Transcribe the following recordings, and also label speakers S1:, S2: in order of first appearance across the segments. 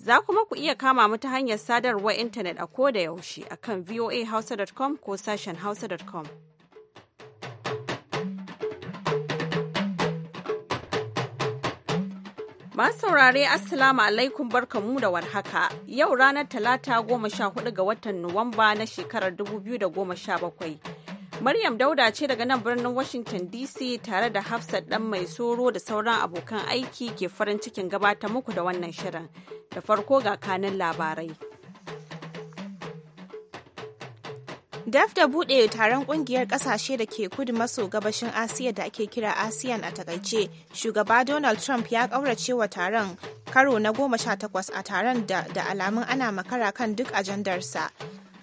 S1: Za kuma ku iya kama mu ta hanyar sadarwar intanet a ko da yaushe a kan voahausa.com ko sashen hausa.com. Masu saurare Assalamu alaikum barkanmu da warhaka. Yau ranar Talata goma sha hudu ga watan Nuwamba na shekarar 2017. Maryam Dauda ce daga nan birnin Washington DC tare da Hafsat dan mai soro da sauran abokan aiki ke farin cikin gabata
S2: muku da wannan shirin. Da farko ga kanin labarai. daf da buɗe taron ƙungiyar ƙasashe da ke kudu maso gabashin Asiya da ake kira ASEAN a takaice, shugaba Donald Trump ya ƙaurace wa taron karo na goma sha takwas a taron da alamun ana makara kan duk ajandarsa.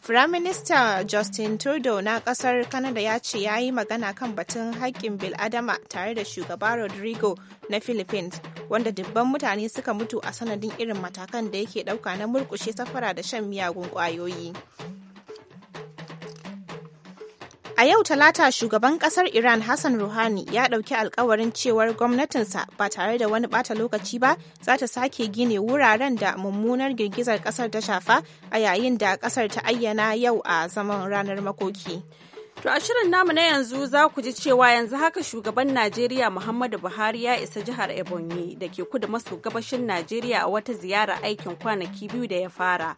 S2: Firaminista Justin Trudeau na ƙasar Canada ya ce ya yi magana kan batun haƙƙin adama tare da shugaba Rodrigo na Philippines, wanda dubban mutane suka mutu a sanadin irin matakan da yake ɗauka na murƙushe safara da shan miyagun ƙwayoyi. A yau Talata shugaban kasar Iran Hassan Rouhani ya ɗauki alkawarin cewar gwamnatinsa ba tare da wani bata lokaci ba za ta sake gine wuraren da mummunar girgizar kasar ta shafa a yayin da kasar ta ayyana yau a zaman ranar makoki. To a shirin namu na yanzu za ku ji cewa
S1: yanzu haka shugaban Najeriya Muhammadu Buhari ya isa jihar Ebonyi da ke kudu maso gabashin Najeriya a wata ziyara aikin kwanaki biyu da ya fara.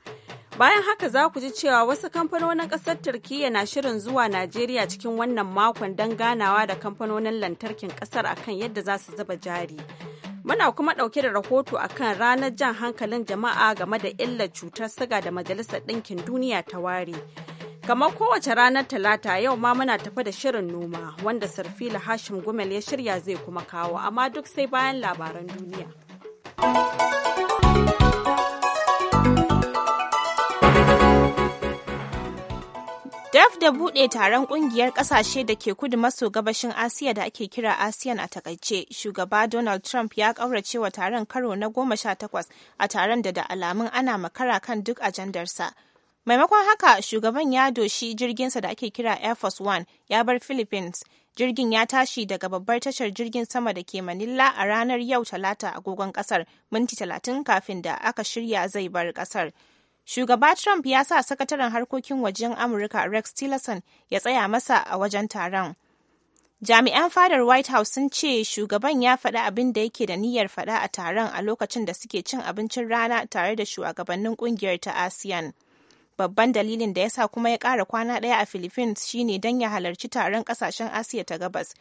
S1: Bayan haka za ku ji cewa wasu kamfanonin ƙasar Turkiyya na shirin zuwa Najeriya cikin wannan makon don ganawa da kamfanonin lantarkin ƙasar akan yadda za su zuba jari. Muna kuma ɗauke da rahoto akan ranar jan hankalin jama'a game da illar cutar siga da Majalisar Ɗinkin Duniya ta ware. Kamar kowace ranar Talata yau ma muna tafa da shirin noma wanda Sarfila Hashim Gumel ya shirya zai kuma kawo amma duk sai bayan labaran duniya.
S2: daf da buɗe taron ƙungiyar ƙasashe da ke kudu maso gabashin asiya da ake kira asiyan a takaice shugaba donald trump ya ƙaurace wa taron karo na goma sha takwas a taron da da alamun ana makara kan duk ajandarsa maimakon haka shugaban ya doshi jirginsa da ake kira air force one ya bar philippines jirgin ya tashi daga babbar tashar jirgin sama da ke manila a ranar yau talata agogon kasar minti talatin kafin da aka shirya zai bar kasar Shugaba Trump ya sa sakataren harkokin wajen Amurka Rex Tillerson ya tsaya masa a wajen taron. Jami'an fadar White House sun ce shugaban ya faɗa abin da yake da niyyar faɗa a taron a lokacin da suke cin abincin rana tare da shugabannin ƙungiyar ta ASEAN. Babban dalilin da ya sa kuma ya ƙara kwana ɗaya a Philippines shine don ya halarci taron ƙasashen Asiya ta gabas.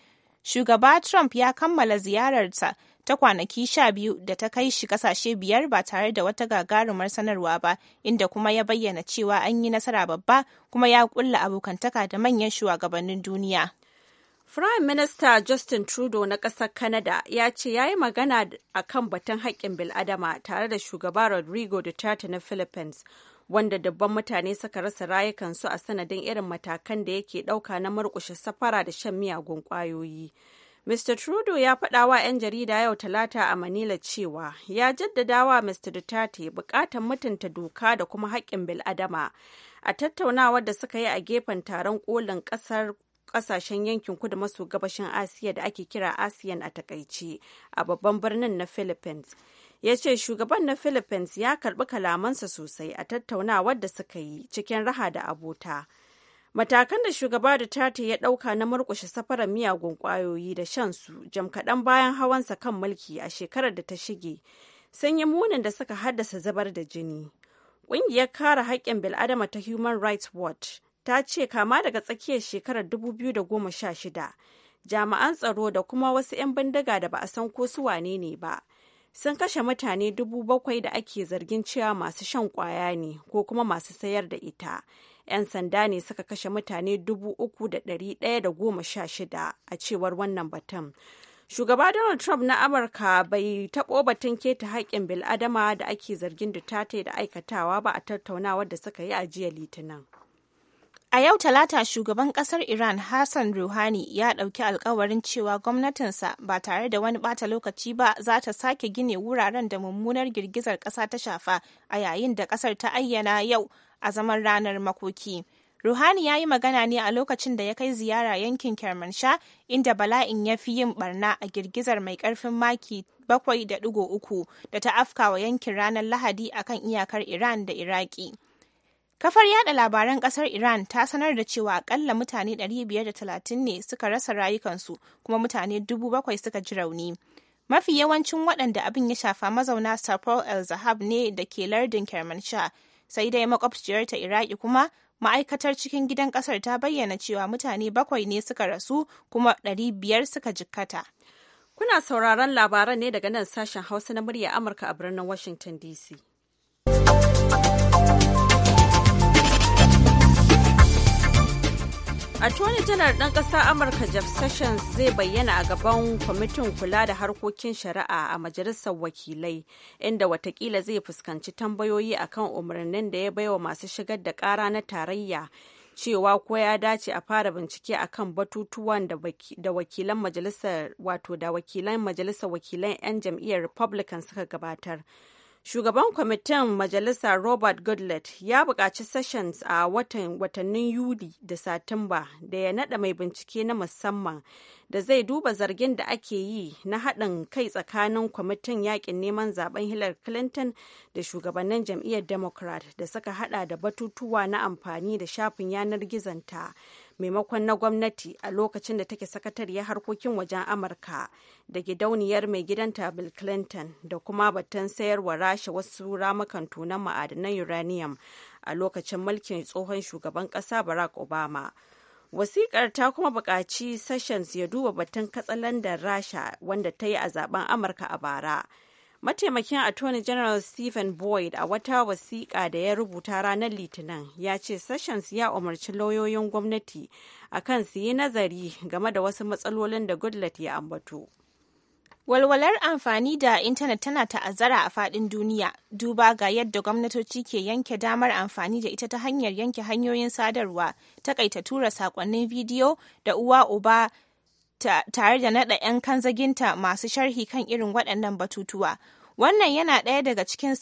S2: Shugaba Trump ya kammala ziyararsa ta kwanaki sha biyu da ta kai shi kasashe biyar ba tare da wata gagarumar sanarwa ba inda kuma ya bayyana cewa an yi nasara babba kuma ya kulla abokantaka da manyan shugabannin duniya Prime
S1: Minister Justin Trudeau na ƙasar Canada ya ce ya yi magana a kan batun haƙƙin bil'adama tare da shugaba Rodrigo Duterte na Philippines, wanda dubban mutane suka rasa rayukansu a sanadin irin matakan da yake ɗauka na murƙushe safara da shan miyagun ƙwayoyi. Mr. Trudeau ya faɗa wa 'yan jarida yau talata a Manila cewa ya jaddada wa Mr. Duterte buƙatar mutunta doka da kuma haƙƙin bil'adama a tattaunawar da suka yi a gefen taron kolin ƙasar ƙasashen yankin kudu maso gabashin Asiya da ake kira ASEAN a takaice a babban birnin na Philippines. ya ce shugaban na Philippines ya karɓi kalamansa sosai a tattaunawar da suka yi cikin raha da abota. matakan da shugaba da tati ya ɗauka na murkushe safarar miyagun ƙwayoyi da shan su jam kaɗan bayan hawansa kan mulki a shekarar da ta shige sun yi munin da suka haddasa zubar da jini ƙungiyar kare haƙƙin bil'adama ta human rights watch ta ce kama daga tsakiyar shekarar 2016 jami'an tsaro da kuma wasu 'yan bindiga da ba a san ko su wane ne ba sun kashe mutane dubu bakwai da ake zargin cewa masu shan ƙwaya ne ko kuma masu sayar da ita 'yan sanda ne suka kashe mutane dubu a cewar wannan batun. Shugaba Donald Trump na Amurka bai taɓo batun keta haƙƙin bil'adama da ake zargin Duterte da aikatawa ba a tattaunawar da suka yi a jiya Litinin.
S2: A yau Talata shugaban ƙasar Iran Hassan Rouhani ya ɗauki alkawarin cewa gwamnatinsa ba tare da wani ɓata lokaci ba za ta sake gine wuraren da mummunar girgizar ƙasa ta shafa a yayin da ƙasar ta ayyana yau a zaman ranar makoki. Ruhani ya yi magana ne a lokacin da ya kai ziyara yankin Kermansha inda bala'in ya fi yin barna a girgizar mai karfin maki 7.3 da ta afka wa yankin ranar Lahadi akan iyakar Iran da Iraki. Kafar yada labaran kasar Iran ta sanar da cewa akalla mutane 530 ne suka rasa rayukansu kuma mutane 7,000 suka ji rauni. Mafi yawancin waɗanda abin ya shafa mazauna Sapor El Zahab ne da ke lardin Kermansha sai dai makwabciyar ta iraki kuma ma'aikatar cikin gidan kasar ta bayyana cewa mutane bakwai ne suka rasu kuma ɗari biyar suka jikkata
S1: kuna sauraron labaran ne daga nan sashen hausa na murya amurka a birnin washington dc A Attorney janar ɗan ƙasa Amurka Jeff Sessions zai bayyana a gaban kwamitin kula da harkokin shari'a a majalisar wakilai inda watakila zai fuskanci tambayoyi akan umarnin da ya baiwa masu shigar da ƙara na tarayya cewa ko ya dace a fara bincike akan batutuwan da wakilan majalisar wato da wakilan majalisar wakilan 'yan jam'iyyar Republican suka gabatar. Shugaban kwamitin majalisa Robert Goodlett ya buƙaci Sessions a watan watannin Yuli da Satumba da ya nada mai bincike na musamman da zai duba zargin da ake yi na haɗin kai tsakanin kwamitin yakin neman zaben Hillary Clinton da shugabannin jam'iyyar Democrat da suka hada da batutuwa na amfani da shafin yanar gizonta. ta. maimakon na gwamnati a lokacin da take sakatariyar harkokin wajen amurka da gidauniyar mai gidanta bill clinton da kuma batun sayarwa rasha wasu ramukan tunan ma'adanan uranium a lokacin mulkin tsohon shugaban kasa barack obama wasikar ta kuma buƙaci sessions ya duba batun katsalandar rasha wanda ta yi a zaben amurka a bara Mataimakin Attorney General Stephen Boyd a wata wasiƙa da ya rubuta ranar Litinin ya ce Sessions ya umarci lauyoyin gwamnati a kan su yi nazari game da wasu matsalolin da Goodluck ya ambato.
S2: Walwalar amfani da intanet tana ta'azzara a faɗin duniya, duba ga yadda gwamnatoci ke yanke damar amfani da ita ta hanyar yanke hanyoyin sadarwa, takaita tura sakonnin bidiyo da uwa uba tare da naɗa 'yan kanzaginta masu sharhi kan irin waɗannan batutuwa. Wannan yana ɗaya daga cikin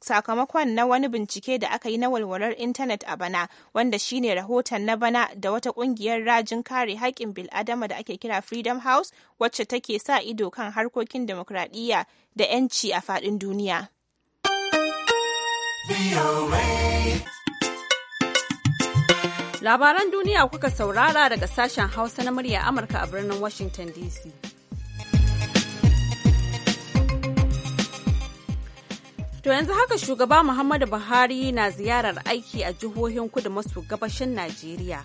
S2: sakamakon na wani bincike da aka yi na walwalar intanet a bana wanda shine rahoton na bana da wata ƙungiyar rajin kare haƙƙin bil'adama da ake kira freedom house wacce take sa ido kan harkokin demokradiyya da 'yanci a faɗin duniya.
S1: Labaran duniya kuka saurara daga sashen Hausa na murya Amurka a birnin Washington DC. To yanzu haka shugaba Muhammadu Buhari na ziyarar aiki a jihohin kudu maso gabashin Najeriya.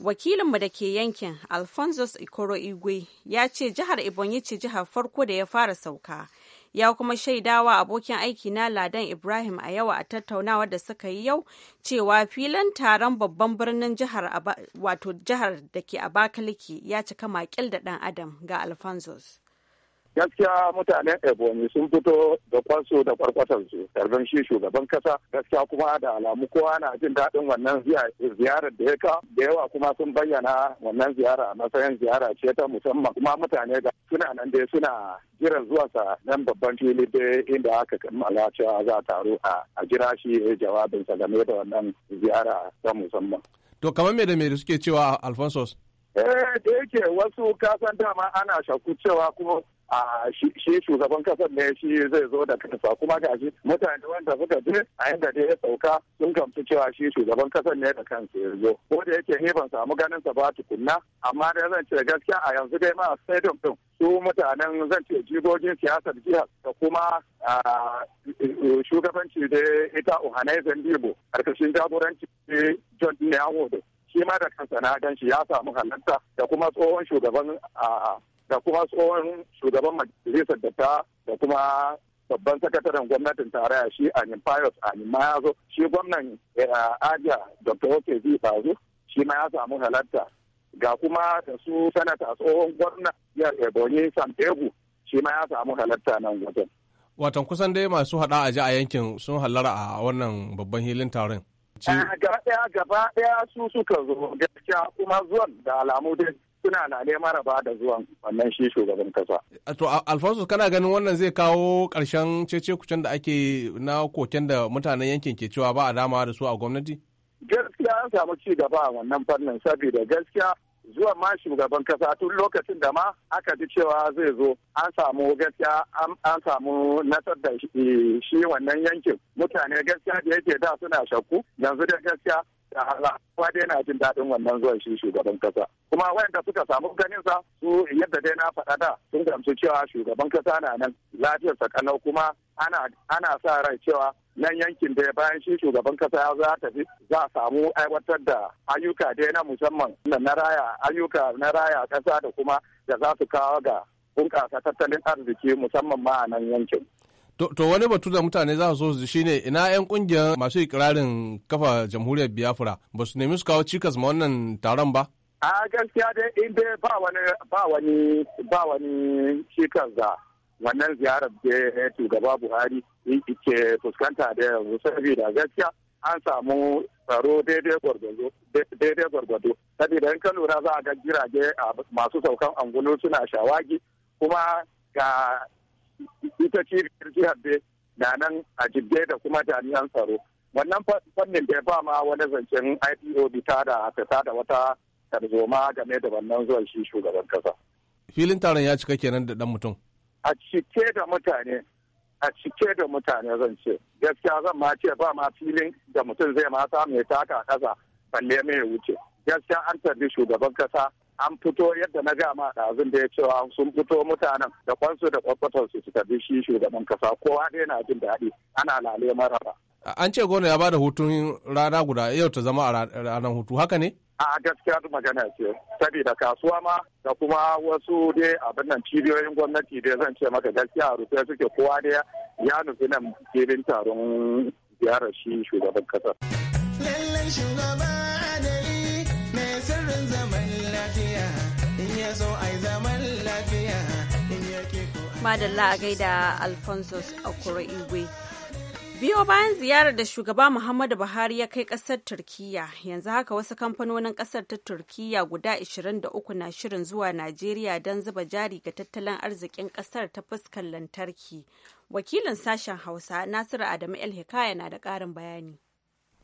S1: Wakilinmu da ke yankin Alphonsus Ikoro Igwe ya ce jihar Ebonyi ce jihar farko da ya fara sauka. ya kuma shaidawa abokin aiki na ladan ibrahim a yawa a tattaunawa da suka yi yau cewa filin taron babban birnin jihar wato jihar da ke abakaliki ya cika makil da dan adam ga alfanzos.
S3: gaskiya mutanen ebonyi sun fito da kwansu da su karbin shi shugaban kasa gaskiya kuma da alamu kowa na jin daɗin wannan ziyarar da ya ka da yawa kuma sun bayyana wannan ziyara a matsayin ziyara ce ta musamman kuma mutane ga suna nan da suna jiran zuwa sa nan babban fili dai inda aka kammala cewa za a taru a jira shi sa game da wannan ziyara ta musamman.
S4: To kamar me da me suke cewa Alphonsus?
S3: Eh da yake wasu kasan dama ana shakku cewa kuma a shi shugaban kasar ne shi zai zo da kansa kuma ga shi mutane wanda suka je a yanda dai ya sauka sun gamsu cewa shi shugaban kasar ne da kansa ya zo ko da yake ne ban samu ganin sa ba tukunna amma dai zan ce gaskiya a yanzu dai ma stadium din su mutanen zan ce jigogin siyasar jihar da kuma shugabanci da ita ohanai zandibo karkashin jagoranci john ne shi ma da kansa na gan shi ya samu halarta da kuma tsohon shugaban da kuma tsohon shugaban majalisar da ta da kuma babban sakataren gwamnatin tarayya shi anin payos a ma zo shi gwamnan eh, aja dr okezi bazu shi ma ya samu halatta ga kuma da su sanata tsohon gwamna ya ebonyi santegu shi ma ya samu halatta nan wajen
S4: watan kusan dai masu hada a ji a yankin sun hallara a wannan babban hilin taron eh,
S3: gaba daya gaba daya su suka zo gaskiya kuma zuwan da alamu dai suna na ne maraba da zuwan wannan shi shugaban kasa.
S4: Eh, to Alfonso kana ganin wannan zai kawo ƙarshen cece kucin da ake na koken da mutanen yankin ke cewa ba a dama da su a gwamnati?
S3: Gaskiya an samu ci gaba a wannan fannin saboda gaskiya zuwan ma shugaban kasa tun lokacin da ma aka ji cewa zai zo an samu gaskiya an samu nasar da shi wannan yankin mutane gaskiya da yake da suna shakku yanzu da gaskiya kuma dai na jin daɗin wannan zuwan shi shugaban kasa kuma wayanda suka samu ganin sa su yadda dai na faɗa da sun gamsu cewa shugaban kasa na nan lafiyar sa kalau kuma ana ana sa rai cewa nan yankin da bayan shi shugaban kasa ya za tafi za a samu aiwatar da ayyuka dai na musamman na raya ayyuka na raya kasa da kuma da za su kawo ga bunƙasa tattalin arziki musamman ma a nan yankin.
S4: To wani batu da mutane za su so shine ina 'yan kungiyar masu ikirarin kafa jamhuriyar Biafra ba su nemi su kawo cikas ma wannan taron ba?
S3: A gaskiya dai in dai ba wani ba wani cikas da wannan ziyarar da shugaba Buhari ke fuskanta da yanzu saboda gaskiya an samu tsaro daidai gwargwado saboda in ka lura za a ga jirage masu saukan angulu suna shawagi kuma ga ita cibiyar jihar dai na nan a jibbe da kuma jami'an tsaro wannan fannin bai ba ma wani zancen ipob ta da ta da wata tarzoma game da wannan zuwan shi shugaban kasa
S4: filin taron ya cika kenan da dan mutum
S3: a cike da mutane a cike da mutane zan ce gaskiya zan ma ce ba ma filin da mutum zai ma samu ya taka kasa balle mai wuce gaskiya an tarbi shugaban kasa an fito yadda na gama ɗazun da ya cewa sun fito mutanen da kwansu da kwakwatar su bi shi shugaban kasa kowa dai na jin daɗi ana lale maraba.
S4: An ce gona ya bada hutun rana guda yau ta zama a ranar hutu haka ne?
S3: a gaskiya magana ce saboda kasuwa ma da kuma wasu dai abin nan cibiyoyin gwamnati dai zan ce maka gaskiya a rufe suke kowa dai ya nufi nan filin taron ziyarar shi shugaban kasar. Lallai
S5: shugaba yi mai sirrin zaman lafiya. so ai zaman
S6: lafiya
S1: madalla a gaida alfonso akwaro igwe biyo bayan ziyarar da shugaba muhammadu buhari ya kai kasar turkiya yanzu haka wasu kamfanonin kasar ta turkiya guda 23 na shirin zuwa najeriya don zuba jari ga tattalin arzikin kasar ta fuskar lantarki wakilin sashen hausa nasiru adamu el hikaya na da karin bayani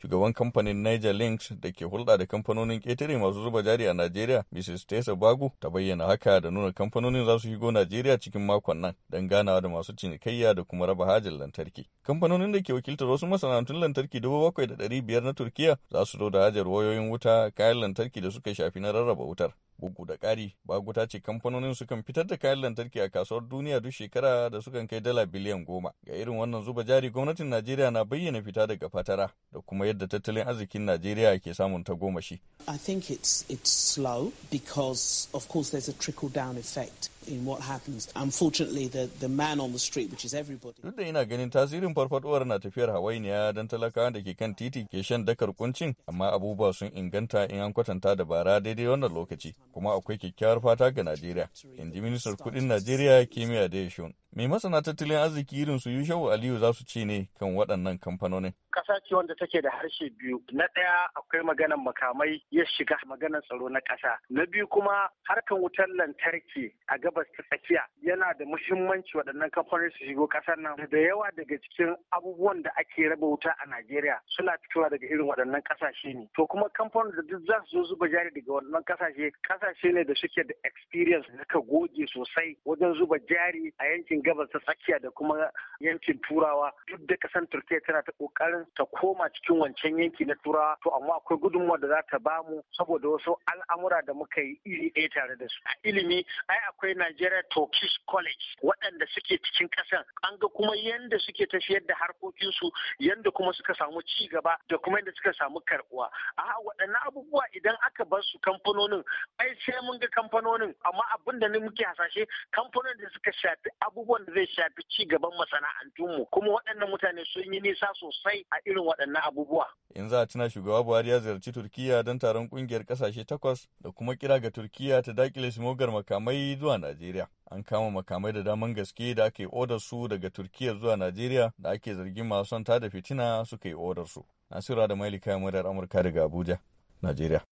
S7: shugaban kamfanin Niger Links da ke hulɗa da kamfanonin ƙetare masu zuba jari a Najeriya, Mrs. Tessa Bagu, ta bayyana haka da nuna kamfanonin za su shigo Najeriya cikin makon nan don ganawa da masu cinikayya da kuma raba hajin lantarki. Kamfanonin da ke wakiltar wasu masana'antun lantarki dubu bakwai da ɗari biyar na Turkiya za su zo da hajar wayoyin wuta, kayan lantarki da suka shafi na rarraba wutar. Bugu da ƙari, Bagu ta ce kamfanonin sukan fitar da kayan lantarki a kasuwar duniya duk shekara da sukan kai dala biliyan goma. Ga irin wannan zuba jari gwamnatin Najeriya na bayyana fita daga fatara da kuma yadda tattalin arzikin Najeriya ke samun tagomashi.
S5: I think it's, it's slow because of course there's a trickle down effect. in what happens. Unfortunately, the, the man on the street, which is everybody.
S7: Duk da ina ganin tasirin farfaduwar na tafiyar hawainiya don talakawa da ke kan titi ke shan dakar kuncin, amma abubuwa sun inganta in an kwatanta da bara daidai wannan lokaci, kuma akwai kyakkyawar fata ga Najeriya, in ji ministar kudin Najeriya Kimiyya Dayashun. Me masana tattalin arziki irin su Yushau Aliyu za su ce ne kan waɗannan kamfanonin?
S8: Ƙasa ce wanda take da harshe biyu. Na ɗaya akwai maganan makamai ya shiga maganan tsaro na ƙasa. Na biyu kuma harkan wutar lantarki a gabas ta tsakiya yana da muhimmanci waɗannan kamfanonin su shigo ƙasar nan. Da yawa daga cikin abubuwan da ake raba wuta a Najeriya suna fitowa daga irin waɗannan ƙasashe ne. To kuma kamfanonin da duk za su zo zuba jari daga waɗannan ƙasashe ƙasashe ne da suke da experience da ka goge sosai wajen zuba jari a yankin gabas ta tsakiya da kuma yankin turawa duk da kasan turkiya tana ta kokarin ta koma cikin wancan yanki na turawa to amma akwai gudunmawa da za ta bamu saboda wasu al'amura da muka yi iri ɗaya tare da su a ilimi ai akwai nigeria turkish college waɗanda suke cikin kasan an ga kuma yanda suke tafiyar da harkokinsu yanda kuma suka samu ci gaba da kuma yanda suka samu karbuwa a waɗannan abubuwa idan aka bar su kamfanonin ai sai mun ga kamfanonin amma abin da muke hasashe kamfanonin da suka shafi abubuwa abubuwan da zai shafi ci gaban masana'antunmu kuma waɗannan mutane sun yi nisa sosai a irin waɗannan abubuwa.
S7: In za a tuna shugaba Buhari ya ziyarci Turkiya don taron ƙungiyar ƙasashe takwas da kuma kira ga Turkiya ta dakile simogar makamai zuwa Najeriya. An kama makamai da daman gaske da ake odar su daga Turkiya zuwa Najeriya da ake zargin masu son da fitina suka yi odar su. Nasira da Mailika Murar Amurka daga Abuja, Najeriya.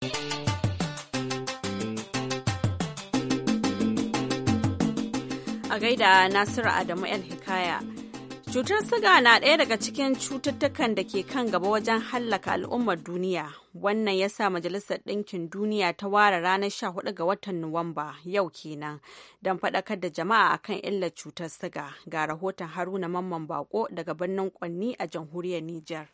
S1: a gaida Nasiru Adamu El Hikaya. Cutar siga na ɗaya daga cikin cututtukan da ke kan gaba wajen hallaka al'ummar duniya. Wannan ya sa Majalisar Ɗinkin Duniya ta ware ranar 14 ga watan Nuwamba yau kenan don faɗakar da jama'a akan illar cutar siga ga rahoton Haruna Mamman Bako daga birnin Kwanni a jamhuriyar Nijar.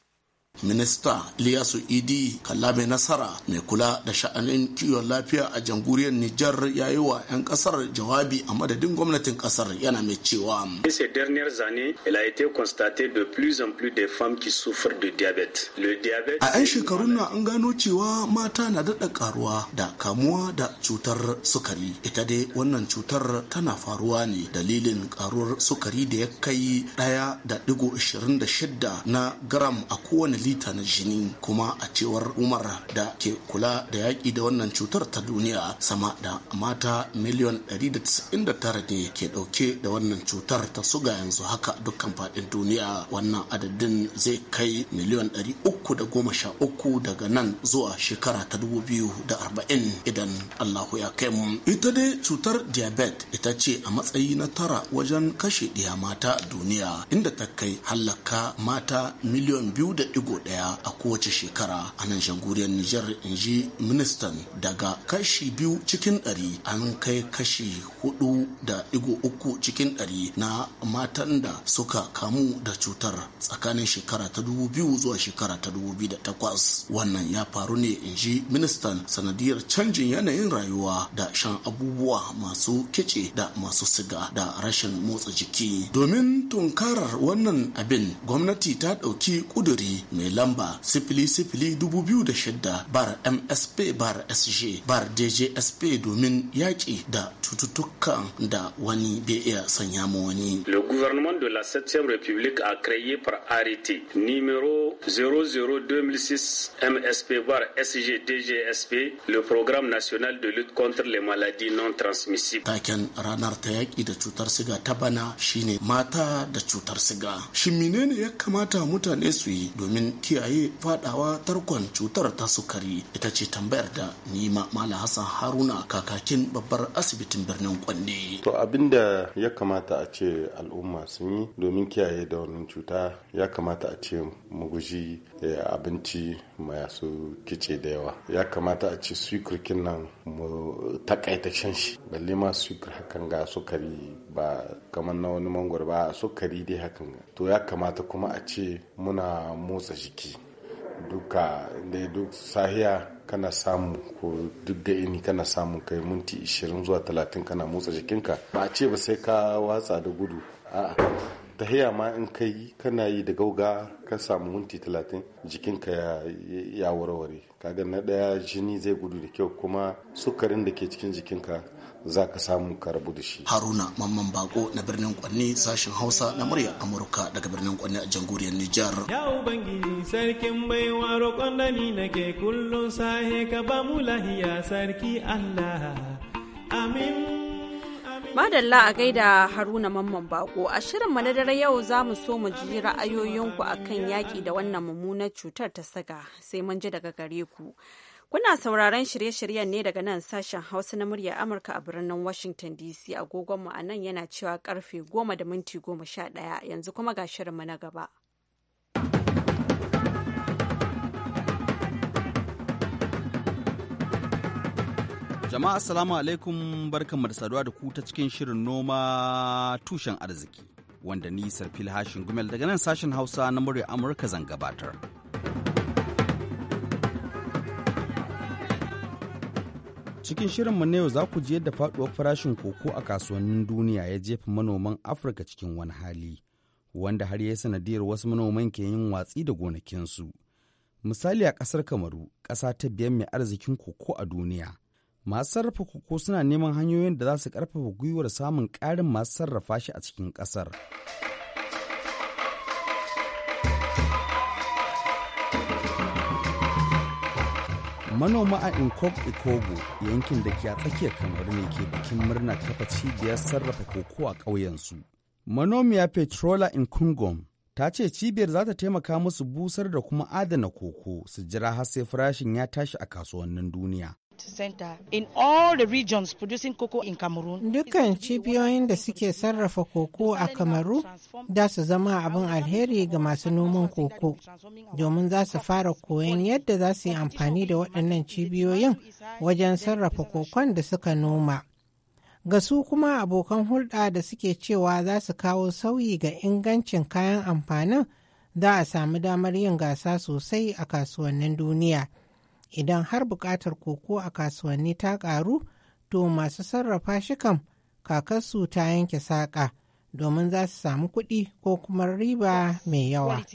S5: Minista Ilyasu Idi kalla mai nasara mai kula da sha'anin kiwon lafiya a jamhuriyar Nijar ya yi wa 'yan kasar jawabi a madadin gwamnatin kasar yana mai cewa. Ces dernières années, il a été constaté de plus de femmes qui Le diabète a 'yan shekarun na an gano cewa mata na daɗa karuwa da kamuwa da cutar sukari. Ita dai wannan cutar tana faruwa ne dalilin karuwar sukari da ya kai ɗaya da digo ashirin da shidda na gram a kowane mililita na jini kuma a cewar umar da ke kula da yaƙi da wannan cutar ta duniya sama da mata miliyan 199 ne ke ɗauke da wannan cutar ta suga yanzu haka dukkan faɗin duniya wannan adadin zai kai miliyan 313 daga nan zuwa shekara ta 2040 idan allahu ya kai mu ita dai cutar diabet ita ce a matsayi na tara wajen kashe ɗiya mata duniya inda ta kai hallaka mata miliyan biyu da zango daya a kowace shekara a nan jamhuriyar Nijar in ji ministan daga kashi biyu cikin ɗari an kai kashi hudu da digo uku cikin ɗari na matan da suka kamu da cutar tsakanin shekara ta dubu biyu zuwa shekara ta dubu biyu da takwas wannan ya faru ne in ji ministan sanadiyar canjin yanayin rayuwa da shan abubuwa masu kice da masu siga da rashin motsa jiki domin tunkarar wannan abin gwamnati ta ɗauki ƙuduri mai lamba sifili sifili dubu biyu da shidda bar msp bar sg bar djsp domin yaƙi da cututtukan da wani bai iya sanya ma wani. Le gouvernement de la 7 e République a créé par arrêté numéro 00-2006 MSP bar SG DGSP le programme national de lutte contre les maladies non transmissibles. Taken ranar ta yaƙi da cutar siga ta bana shine mata da cutar siga. Shin menene ya kamata mutane su yi domin kiyaye fadawa tarkon cutar ta sukari ita ce tambayar da nima mala hassan haruna kakakin babbar asibitin birnin
S9: kwanne to abinda ya kamata a ce al'umma sun yi domin kiyaye da wannan cuta ya kamata a ce mu guji eh, abinci masu kice da yawa ya kamata a ci sukurkin nan mu takaita shan shi balle ma sukur hakan ga sukari ba kamar na wani mangwar ba sukari dai hakan ga to ya kamata kuma a ce muna motsa jiki duka da duk sahiya kana samu ko duk da ini kana samu kai minti 20 zuwa 30 kana motsa jikinka ba a ce ba sai ka watsa da gudu a'a haya ma in ka kana yi da gauga ka samu minti talatin jikinka ya warware kaga na ɗaya jini zai gudu da kyau kuma sukarin da ke cikin jikinka za ka samu ka rabu da shi.
S5: Haruna Mamman Bako na birnin Kwanne sashen Hausa na murya
S9: Amurka daga birnin Kwanne
S5: a jamhuriyar Nijar.
S8: Ya Ubangiji sarkin baiwa roƙon da ni kullum sahe ka ba lahiya sarki Allah.
S1: Amin. Madalla a gaida Haruna Mamman Bako a shirin na dare yau za mu so mu ji ra'ayoyinku a kan yaƙi da wannan mummunar cutar ta saga sai mun ji daga gare ku. Kuna sauraron shirye-shiryen ne daga nan sashen Hausa na murya Amurka a birnin Washington DC agogonmu a nan yana cewa karfe goma da minti goma sha ɗaya yanzu kuma ga shirinmu na gaba.
S9: Jama'a assalamu alaikum barkanmu da saduwa da ku ta cikin shirin noma tushen arziki wanda ni Sarfil Hashin Gumel daga nan sashen Hausa na murya Amurka zan gabatar. Cikin shirinmu na yau za ku ji yadda faduwar farashin koko a kasuwannin duniya ya jefa manoman Afirka cikin wani hali, wanda har ya sanadiyar wasu manoman ke yin watsi da gonakinsu. Misali a ƙasar Kamaru, ƙasa ta biyan mai arzikin koko a duniya, masu sarrafa koko suna neman hanyoyin da za su karfafa gwiwar samun ƙarin masu sarrafa shi a cikin ƙasar. manoma a inkog ikogo yankin da ke a tsakiyar kamar ne ke bikin murna kafa cibiyar sarrafa koko a ƙauyensu manomiya petrola inkungom ta ce cibiyar za ta taimaka musu busar da kuma adana koko su jira har sai farashin ya tashi a kasuwannin duniya
S2: Dukkan cibiyoyin da suke sarrafa koko a Kamaru da su zama abin alheri ga masu noman koko domin za su fara koyon yadda za su yi amfani da waɗannan cibiyoyin wajen sarrafa kokon da suka noma. Ga su kuma abokan hulɗa da suke cewa za su kawo sauyi ga ingancin kayan amfanin za a sami damar yin gasa sosai a kasuwannin duniya. idan har bukatar koko a kasuwanni ta ƙaru to masu sarrafa shi kam kakarsu ta yanke saƙa domin za su samu kuɗi ko kuma riba mai yawa.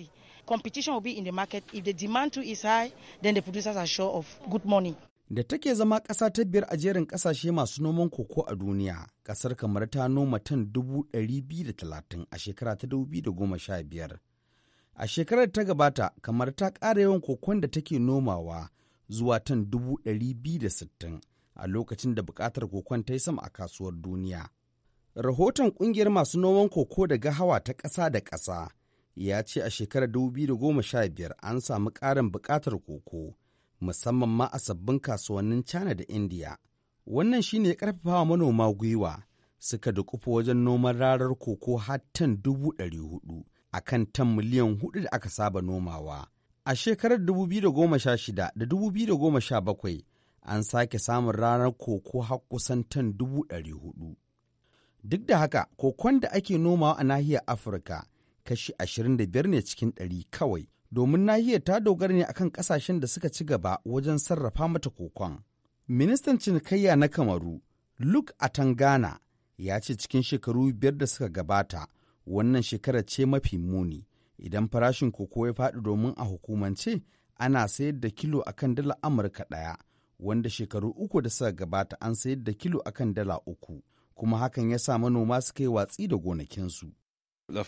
S1: Competition will be in the market. If the demand too is high, then the producers are sure of
S9: good money. Da take zama ƙasa ta biyar a jerin ƙasashe masu noman koko a duniya, ƙasar kamar ta noma tan talatin a shekara ta sha biyar. A shekarar ta gabata, kamar ta ƙara yawan kokon da take nomawa zuwa tan 260 a lokacin da bukatar kokon ta yi sama a kasuwar duniya. Rahoton ƙungiyar masu noman koko da gahawa ta ƙasa da ƙasa ya ce a shekarar 2015 an samu ƙarin bukatar koko musamman ma a sabbin kasuwannin China da India. Wannan shine ne ƙarfafa manoma gwiwa suka da dukufa wajen noman rarar koko har tan dubu ɗari hudu a kan tan miliyan hudu da aka saba nomawa A shekarar 2016 da 2017 an sake samun ranar koko har kusan tan 400. Duk da haka, kokon da ake nomawa a nahiyar Afirka kashi 25 ne cikin ɗari kawai, domin nahiyar ta dogara ne akan kasashen da suka ci gaba wajen sarrafa mata kokon. Ministan cinikayya na Kamaru, Luke Atangana, ya ce cikin shekaru biyar da suka gabata, wannan shekara ce mafi muni. Idan farashin koko ya faɗi domin a hukumance, ana sayar da kilo akan dala Amurka ɗaya, wanda shekaru uku da suka gabata an sayar da kilo akan dala uku, kuma hakan ya sa manoma suka yi watsi da gonakinsu. La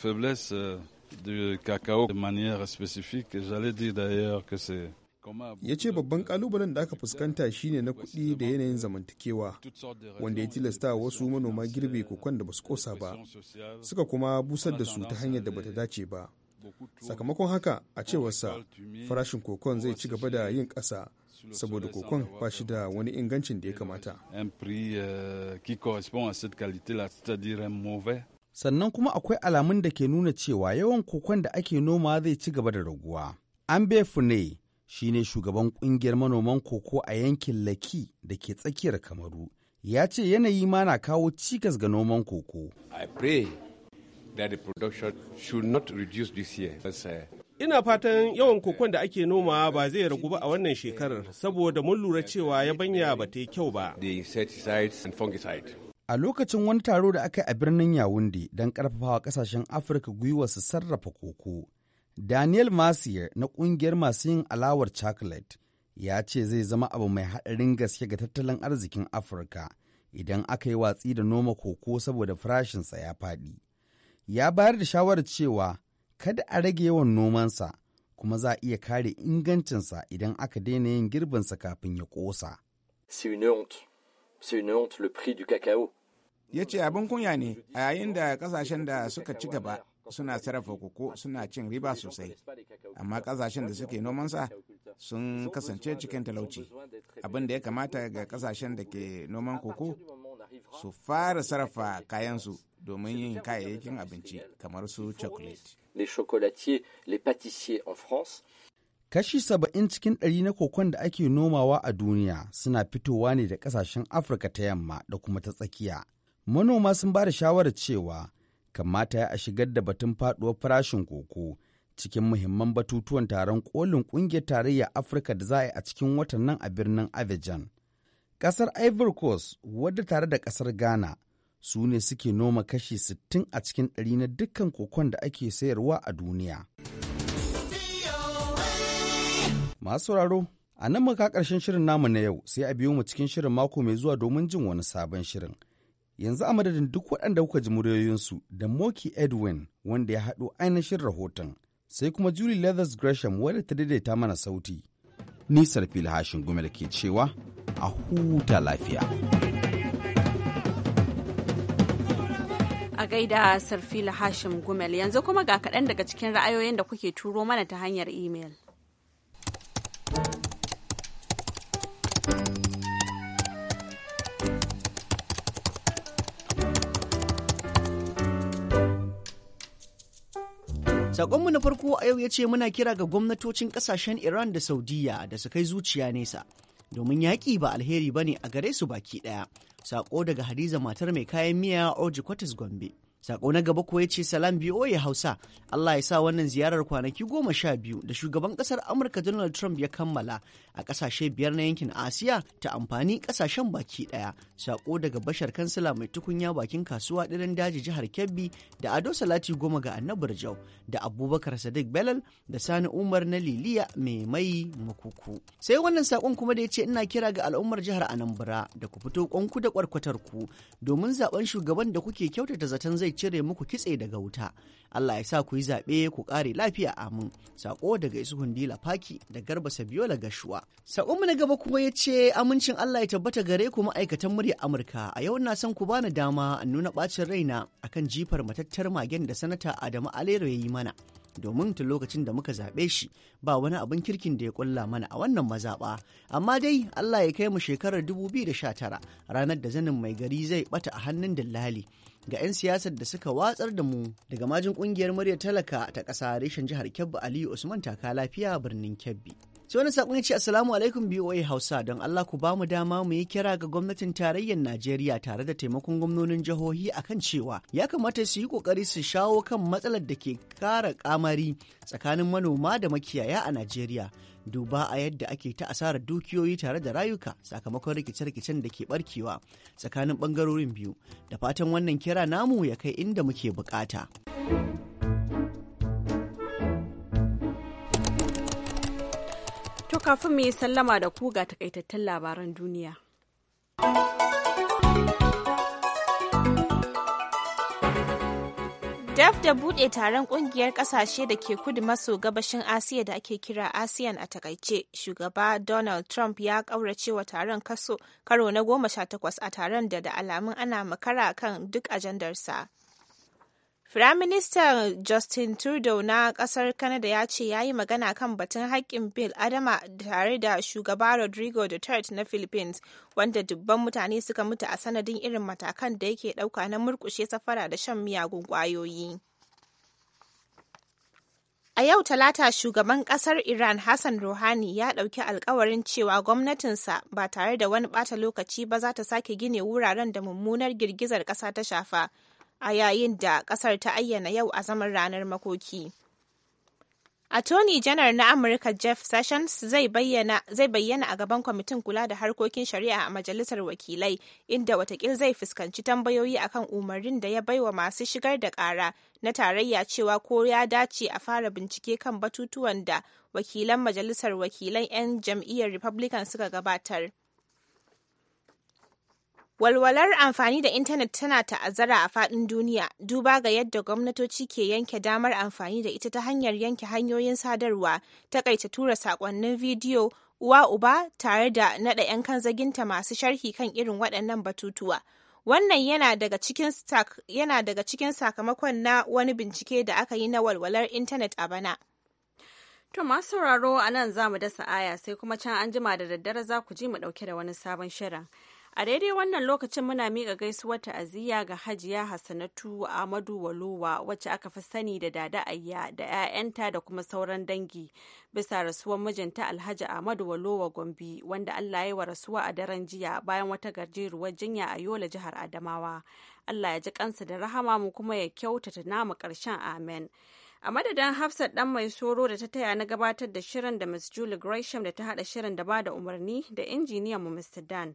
S9: euh, ya ce babban kalubalen
S5: da aka fuskanta shine na kuɗi da yanayin zamantakewa wanda ya tilasta wasu manoma girbe kokon da basu kosa ba suka kuma busar da su ta hanyar da bata dace ba sakamakon haka a cewarsa farashin kokon zai ci gaba da yin ƙasa saboda
S9: kokon ba shi da wani ingancin da ya kamata euh, sannan kuma akwai alamun da ke nuna cewa yawan kokon da ake noma zai ci gaba da raguwa an fune ne shugaban kungiyar manoman koko a yankin laki da ke tsakiyar kamaru ya ce yanayi ma na kawo cikas ga noman koko that the production not reduce this
S4: Ina fatan yawan kokon da ake noma ba zai ragu ba a wannan shekarar saboda mun lura cewa yabanya ba ta yi kyau ba.
S9: A lokacin wani taro da aka yi a birnin Yawundi don karfafawa kasashen Afirka gwiwa su sarrafa koko, Daniel Masier na kungiyar masu yin alawar chocolate ya ce zai zama abu mai haɗarin gaske ga tattalin arzikin Afirka idan aka yi watsi da noma koko saboda farashinsa ya faɗi. ya bayar da shawarar cewa kada a rage yawan nomansa kuma za a iya kare ingancinsa idan aka daina yin girbinsa kafin
S7: ya ƙosa. Ya ce
S5: abin kunya ne a yayin da kasashen da suka ci gaba suna sarrafa koko suna cin riba sosai, amma kasashen da suke nomansa sun kasance cikin talauci. Abin da ya kamata ga kasashen da ke noman koko su fara sarrafa
S7: kayansu domin yin kayayyakin abinci kamar su chocolate.
S9: Kashi saba'in cikin ɗari na kokon da ake nomawa a duniya suna fitowa ne da ƙasashen Afirka ta yamma da kuma ta tsakiya. Manoma sun ba da shawarar cewa kamata ya a shigar da batun faɗuwar farashin koko cikin muhimman batutuwan taron ƙolin ƙungiyar tarayya Afirka da za a yi a cikin watan nan a birnin Abidjan. Ƙasar Ivory Coast wadda tare da ƙasar Ghana su ne suke noma kashi 60 a cikin ɗari na dukkan kokon da ake sayarwa a duniya. Masu sauraro, a nan muka ƙarshen shirin namu na yau sai a biyo mu cikin shirin mako mai zuwa domin jin wani sabon shirin. Yanzu a madadin duk waɗanda kuka ji muryoyinsu da Moki Edwin wanda ya haɗo ainihin rahoton, sai kuma Julie Leathers Gresham wadda ta daidaita mana sauti. Nisar filhashin gumel ke cewa a huta lafiya.
S1: a gaida sarfila hashim gumel yanzu kuma ga kaɗan daga cikin ra'ayoyin da kuke turo mana ta hanyar imel
S6: Saƙonmu na farko a yau ya ce muna kira ga gwamnatocin ƙasashen Iran da Saudiya da su kai zuciya nesa domin yaƙi ba alheri ba ne a gare su baki ɗaya. Sako daga Hadiza matar mai kayan miya oji Kwatis Gombe. Sako na gaba kuwa ya ce salam ya Hausa, Allah ya sa wannan ziyarar kwanaki goma sha biyu da shugaban kasar Amurka Donald Trump ya kammala a kasashe biyar na yankin Asiya ta amfani kasashen baki daya. Sako daga bashar kansila mai tukunya bakin kasuwa ɗinan daji jihar Kebbi da Ado Salati goma ga Annabar Jau da Abubakar Sadiq Belal da Sani Umar na Liliya mai mai makuku. Sai wannan sakon kuma da ya ce ina kira ga al'ummar jihar Anambra da ku fito kwanku da kwarkwatar ku domin zaben shugaban da kuke kyautata zaton zai zai cire muku kitse daga wuta. Allah ya sa ku yi zaɓe ku ƙare lafiya amin. Sako daga isu hundila faki da garba sabiola gashuwa. mu na gaba kuma ya ce amincin Allah ya tabbata gare ku ma'aikatan murya Amurka a yau na son ku bani dama nuna ɓacin raina akan jifar matattar magen da sanata Adamu Alero ya yi mana. domin tun lokacin da muka zaɓe shi ba wani abin kirkin da ya kulla mana a wannan mazaɓa amma dai Allah ya kai mu shekarar 2019 ranar da zanin mai gari zai ɓata a hannun dillali ga 'yan siyasar da suka watsar da mu daga majin kungiyar murya talaka ta ƙasa reshen jihar Kebbi Aliyu Usman taka lafiya birnin Kebbi. sai wani sakon ya ce assalamu alaikum BOA Hausa don Allah ku bamu dama mu yi kira ga gwamnatin tarayyar Najeriya tare da taimakon gwamnonin jihohi a kan cewa ya kamata su yi kokari su shawo kan matsalar da ke kara kamari tsakanin manoma da makiyaya a Najeriya duba a yadda ake ta asarar dukiyoyi tare da rayuka sakamakon rikice-rikicen da ke barkewa tsakanin bangarorin biyu da fatan wannan kira namu ya kai inda muke bukata.
S1: To kafin mu yi sallama da ku ga takaitattun labaran duniya.
S2: daf da buɗe taron ƙungiyar ƙasashe da ke kudu maso gabashin Asiya da ake kira ASEAN a takaice, shugaba Donald Trump ya ƙaurace wa taron kaso karo na goma sha takwas a taron da da alamun ana makara kan duk ajandarsa. Firaministan Justin Trudeau na ƙasar Canada ya ce ya yi magana kan batun haƙƙin Bill Adama tare da shugaba Rodrigo Duterte na Philippines, wanda dubban mutane suka mutu a sanadin irin matakan da yake ɗauka na murƙushe safara da shan miyagun ƙwayoyi. A yau Talata shugaban ƙasar Iran Hassan Rouhani ya ɗauki alkawarin cewa gwamnatinsa ba tare da wani ɓata lokaci ba za ta sake gine wuraren da mummunar girgizar ƙasa ta shafa. a yayin da kasar ta ayyana yau a zaman ranar makoki. Attorney General na Amurka Jeff Sessions zai bayyana, a gaban kwamitin kula da harkokin shari'a a Majalisar Wakilai, inda watakil zai fuskanci tambayoyi akan umarnin da ya baiwa masu shigar da ƙara na tarayya cewa ko ya dace a fara bincike kan batutuwan da wakilan Majalisar Wakilan 'yan jam'iyyar Republican suka gabatar. Walwalar amfani da intanet tana ta'azzara a faɗin duniya, duba ga yadda gwamnatoci ke yanke damar amfani da ita ta hanyar yanke hanyoyin sadarwa, takaita tura saƙonnin bidiyo, uwa uba tare da naɗa 'yan kanzaginta masu sharhi kan irin waɗannan batutuwa. Wannan yana daga cikin yana daga cikin sakamakon na wani bincike da aka yi na walwalar intanet a bana.
S1: To masu sauraro a nan za mu dasa aya sai kuma can an jima da daddare za ku ji mu ɗauke da wani sabon shirin. A daidai wannan lokacin muna miƙa gaisuwar ta'aziyya ga Hajiya Hassanatu Ahmadu Walowa wacce aka fi sani da Dada Ayya da 'ya'yanta da kuma sauran dangi bisa rasuwar mijinta Alhaji Ahmadu Walowa Gombe wanda Allah ya wa rasuwa a daren jiya bayan wata gajeruwar jinya a Yola jihar Adamawa. Allah ya ji kansa da rahama mu kuma ya kyautata namu ƙarshen amen. a madadin hafsat dan mai soro da ta taya na gabatar da shirin da miss julie gresham da ta haɗa shirin da ba da umarni da injiniyan mu mr dan